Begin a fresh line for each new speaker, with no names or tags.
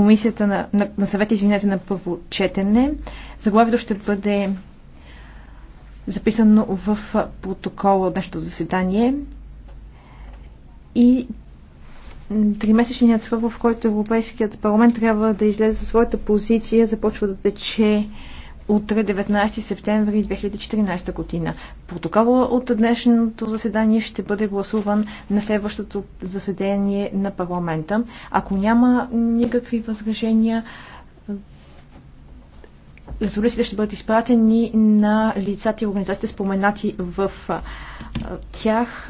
комисията на, на, на съвета, извинете, на първо четене. Заглавието ще бъде записано в протокола от нашето заседание. И тримесечният срок, в който Европейският парламент трябва да излезе за своята позиция, започва да тече утре 19 септември 2014 година. Протокола от днешното заседание ще бъде гласуван на следващото заседание на парламента. Ако няма никакви възражения, резолюциите ще бъдат изпратени на лицата и организациите споменати в тях.